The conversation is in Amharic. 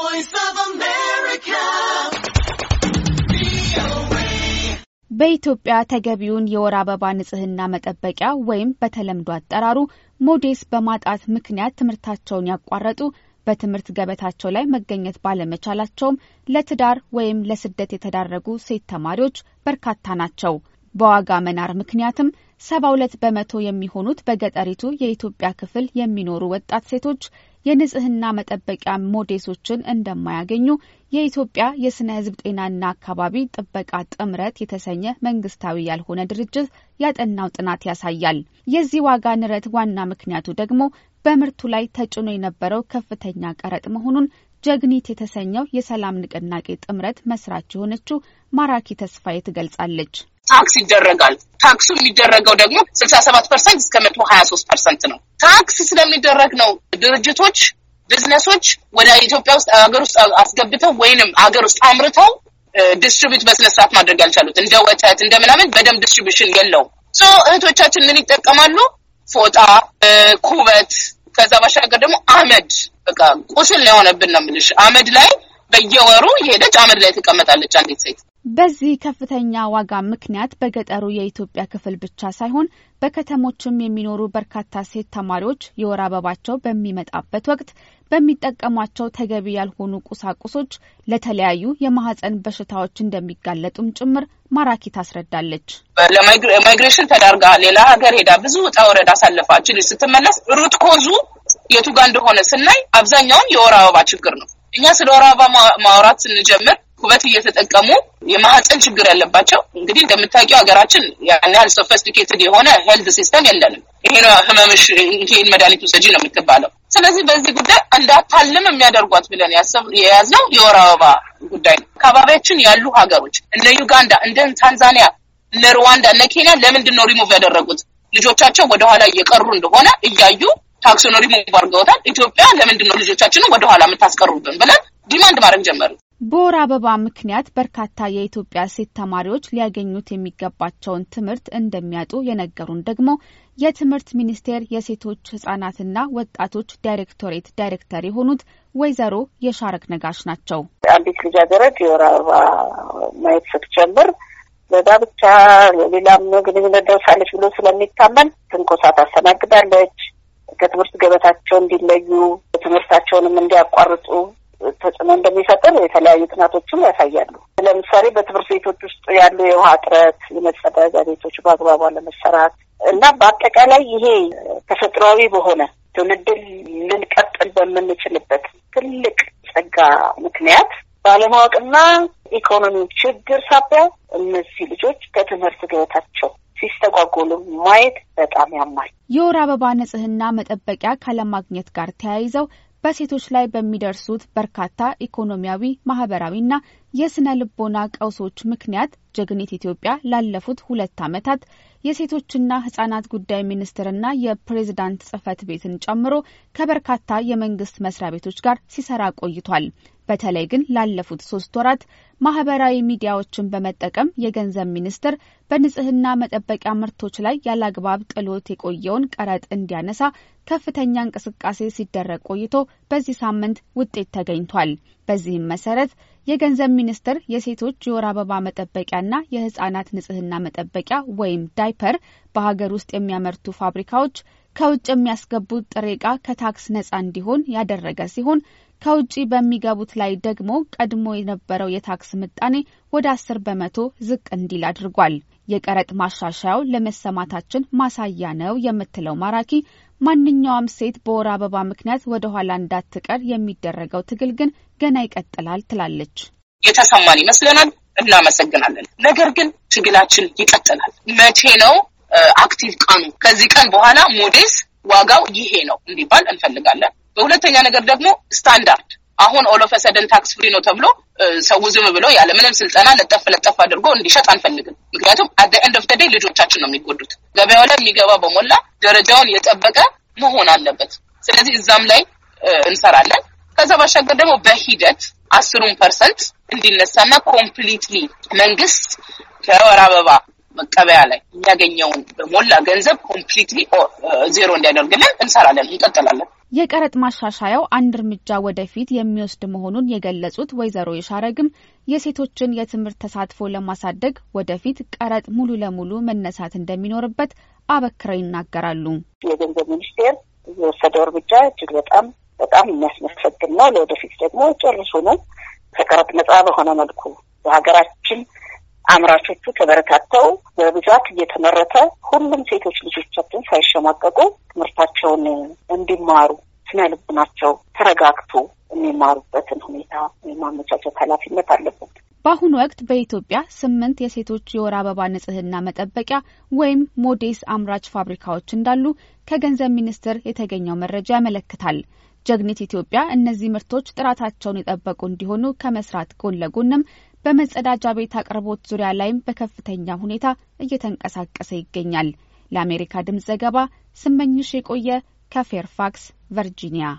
voice of America. በኢትዮጵያ ተገቢውን የወር አበባ ንጽህና መጠበቂያ ወይም በተለምዶ አጠራሩ ሞዴስ በማጣት ምክንያት ትምህርታቸውን ያቋረጡ በትምህርት ገበታቸው ላይ መገኘት ባለመቻላቸውም ለትዳር ወይም ለስደት የተዳረጉ ሴት ተማሪዎች በርካታ ናቸው። በዋጋ መናር ምክንያትም ሰባ ሁለት በመቶ የሚሆኑት በገጠሪቱ የኢትዮጵያ ክፍል የሚኖሩ ወጣት ሴቶች የንጽህና መጠበቂያ ሞዴሶችን እንደማያገኙ የኢትዮጵያ የስነ ህዝብ ጤናና አካባቢ ጥበቃ ጥምረት የተሰኘ መንግስታዊ ያልሆነ ድርጅት ያጠናው ጥናት ያሳያል። የዚህ ዋጋ ንረት ዋና ምክንያቱ ደግሞ በምርቱ ላይ ተጭኖ የነበረው ከፍተኛ ቀረጥ መሆኑን ጀግኒት የተሰኘው የሰላም ንቅናቄ ጥምረት መስራች የሆነችው ማራኪ ተስፋዬ ትገልጻለች። ታክስ ይደረጋል። ታክሱ የሚደረገው ደግሞ ስልሳ ሰባት ፐርሰንት እስከ መቶ ሀያ ሶስት ፐርሰንት ነው። ታክስ ስለሚደረግ ነው ድርጅቶች፣ ቢዝነሶች ወደ ኢትዮጵያ ውስጥ ሀገር ውስጥ አስገብተው ወይንም ሀገር ውስጥ አምርተው ዲስትሪቢዩት በስነስርዓት ማድረግ ያልቻሉት እንደ ወተት እንደ ምናምን በደንብ ዲስትሪቢሽን የለውም። ሶ እህቶቻችን ምን ይጠቀማሉ? ፎጣ፣ ኩበት ከዛ ባሻገር ደግሞ አመድ በቃ ቁስል ነው የሆነብን ነው የምልሽ። አመድ ላይ በየወሩ የሄደች አመድ ላይ ትቀመጣለች አንዲት ሴት በዚህ ከፍተኛ ዋጋ ምክንያት በገጠሩ የኢትዮጵያ ክፍል ብቻ ሳይሆን በከተሞችም የሚኖሩ በርካታ ሴት ተማሪዎች የወር አበባቸው በሚመጣበት ወቅት በሚጠቀሟቸው ተገቢ ያልሆኑ ቁሳቁሶች ለተለያዩ የማህፀን በሽታዎች እንደሚጋለጡም ጭምር ማራኪ ታስረዳለች። ለማይግሬሽን ተዳርጋ ሌላ ሀገር ሄዳ ብዙ ውጣ ወረድ አሳልፋ ስትመለስ ሩት ኮዙ የቱ ጋር እንደሆነ ስናይ አብዛኛውን የወር አበባ ችግር ነው። እኛ ስለ ወር አበባ ማውራት ስንጀምር ኩበት እየተጠቀሙ የማህፀን ችግር ያለባቸው እንግዲህ እንደምታውቂው ሀገራችን ያን ያህል ሶፈስቲኬትድ የሆነ ሄልት ሲስተም የለንም። ይሄ ነው ህመምሽ ይሄን መድኃኒት ውሰጂ ነው የምትባለው። ስለዚህ በዚህ ጉዳይ እንዳታልም የሚያደርጓት ብለን የያዝነው የወር አበባ ጉዳይ ነው። አካባቢያችን ያሉ ሀገሮች እነ ዩጋንዳ፣ እንደ ታንዛኒያ፣ እነ ሩዋንዳ፣ እነ ኬንያ ለምንድን ነው ሪሙቭ ያደረጉት? ልጆቻቸው ወደኋላ እየቀሩ እንደሆነ እያዩ ታክሱን ሪሙቭ አድርገውታል። ኢትዮጵያ ለምንድን ነው ልጆቻችንን ወደኋላ የምታስቀሩብን ብለን ዲማንድ ማድረግ ጀመሩ። በወር አበባ ምክንያት በርካታ የኢትዮጵያ ሴት ተማሪዎች ሊያገኙት የሚገባቸውን ትምህርት እንደሚያጡ የነገሩን ደግሞ የትምህርት ሚኒስቴር የሴቶች ህጻናትና ወጣቶች ዳይሬክቶሬት ዳይሬክተር የሆኑት ወይዘሮ የሻረክ ነጋሽ ናቸው። አንዲት ልጃገረድ የወር አበባ ማየት ስትጀምር በዛ ብቻ ሌላም ግንኙነት ደርሳለች ብሎ ስለሚታመን ትንኮሳ ታስተናግዳለች። ከትምህርት ገበታቸው እንዲለዩ፣ ትምህርታቸውንም እንዲያቋርጡ ተጽዕኖ እንደሚፈጥር የተለያዩ ጥናቶችም ያሳያሉ። ለምሳሌ በትምህርት ቤቶች ውስጥ ያሉ የውሃ እጥረት፣ የመጸዳጃ ቤቶች በአግባቡ አለመሰራት እና በአጠቃላይ ይሄ ተፈጥሯዊ በሆነ ትውልድን ልንቀጥል በምንችልበት ትልቅ ጸጋ ምክንያት ባለማወቅና ኢኮኖሚ ችግር ሳቢያ እነዚህ ልጆች ከትምህርት ገበታቸው ሲስተጓጎሉ ማየት በጣም ያማል። የወር አበባ ንጽህና መጠበቂያ ካለማግኘት ጋር ተያይዘው በሴቶች ላይ በሚደርሱት በርካታ ኢኮኖሚያዊ፣ ማህበራዊና የስነ ልቦና ቀውሶች ምክንያት ጀግኒት ኢትዮጵያ ላለፉት ሁለት ዓመታት የሴቶችና ህጻናት ጉዳይ ሚኒስቴርና የፕሬዝዳንት ጽህፈት ቤትን ጨምሮ ከበርካታ የመንግስት መስሪያ ቤቶች ጋር ሲሰራ ቆይቷል። በተለይ ግን ላለፉት ሶስት ወራት ማህበራዊ ሚዲያዎችን በመጠቀም የገንዘብ ሚኒስትር በንጽህና መጠበቂያ ምርቶች ላይ ያለአግባብ ጥሎት የቆየውን ቀረጥ እንዲያነሳ ከፍተኛ እንቅስቃሴ ሲደረግ ቆይቶ በዚህ ሳምንት ውጤት ተገኝቷል። በዚህም መሰረት የገንዘብ ሚኒስቴር የሴቶች የወር አበባ መጠበቂያና የህጻናት ንጽህና መጠበቂያ ወይም ዳይፐር በሀገር ውስጥ የሚያመርቱ ፋብሪካዎች ከውጭ የሚያስገቡት ጥሬ ዕቃ ከታክስ ነጻ እንዲሆን ያደረገ ሲሆን ከውጭ በሚገቡት ላይ ደግሞ ቀድሞ የነበረው የታክስ ምጣኔ ወደ አስር በመቶ ዝቅ እንዲል አድርጓል። የቀረጥ ማሻሻያው ለመሰማታችን ማሳያ ነው የምትለው ማራኪ ማንኛውም ሴት በወር አበባ ምክንያት ወደ ኋላ እንዳትቀር የሚደረገው ትግል ግን ገና ይቀጥላል ትላለች። የተሰማን ይመስለናል፣ እናመሰግናለን። ነገር ግን ትግላችን ይቀጥላል። መቼ ነው አክቲቭ ቀኑ? ከዚህ ቀን በኋላ ሞዴስ ዋጋው ይሄ ነው እንዲባል እንፈልጋለን። በሁለተኛ ነገር ደግሞ ስታንዳርድ አሁን ኦሎፈሰደን ታክስ ፍሪ ነው ተብሎ ሰው ዝም ብሎ ያለ ምንም ስልጠና ለጠፍ ለጠፍ አድርጎ እንዲሸጥ አንፈልግም። ምክንያቱም አደ ኤንድ ኦፍ ተደይ ልጆቻችን ነው የሚጎዱት። ገበያው ላይ የሚገባ በሞላ ደረጃውን የጠበቀ መሆን አለበት። ስለዚህ እዛም ላይ እንሰራለን። ከዛ ባሻገር ደግሞ በሂደት አስሩን ፐርሰንት እንዲነሳና ኮምፕሊትሊ መንግስት ከወር አበባ መቀበያ ላይ የሚያገኘውን በሞላ ገንዘብ ኮምፕሊትሊ ዜሮ እንዲያደርግልን እንሰራለን፣ እንቀጥላለን። የቀረጥ ማሻሻያው አንድ እርምጃ ወደፊት የሚወስድ መሆኑን የገለጹት ወይዘሮ የሻረግም የሴቶችን የትምህርት ተሳትፎ ለማሳደግ ወደፊት ቀረጥ ሙሉ ለሙሉ መነሳት እንደሚኖርበት አበክረው ይናገራሉ። የገንዘብ ሚኒስቴር የወሰደው እርምጃ እጅግ በጣም በጣም የሚያስመሰግን ነው። ለወደፊት ደግሞ ነው ከቀረጥ ነጻ በሆነ መልኩ በሀገራችን አምራቾቹ ተበረታተው በብዛት እየተመረተ ሁሉም ሴቶች ልጆቻችን ሳይሸማቀቁ ትምህርታቸውን እንዲማሩ ስነልቡናቸው ተረጋግቶ የሚማሩበትን ሁኔታ የማመቻቸት ኃላፊነት አለብን። በአሁኑ ወቅት በኢትዮጵያ ስምንት የሴቶች የወር አበባ ንጽህና መጠበቂያ ወይም ሞዴስ አምራች ፋብሪካዎች እንዳሉ ከገንዘብ ሚኒስቴር የተገኘው መረጃ ያመለክታል። ጀግኒት ኢትዮጵያ እነዚህ ምርቶች ጥራታቸውን የጠበቁ እንዲሆኑ ከመስራት ጎን ለጎንም በመጸዳጃ ቤት አቅርቦት ዙሪያ ላይም በከፍተኛ ሁኔታ እየተንቀሳቀሰ ይገኛል። ለአሜሪካ ድምፅ ዘገባ ስመኝሽ የቆየ ከፌርፋክስ ቨርጂኒያ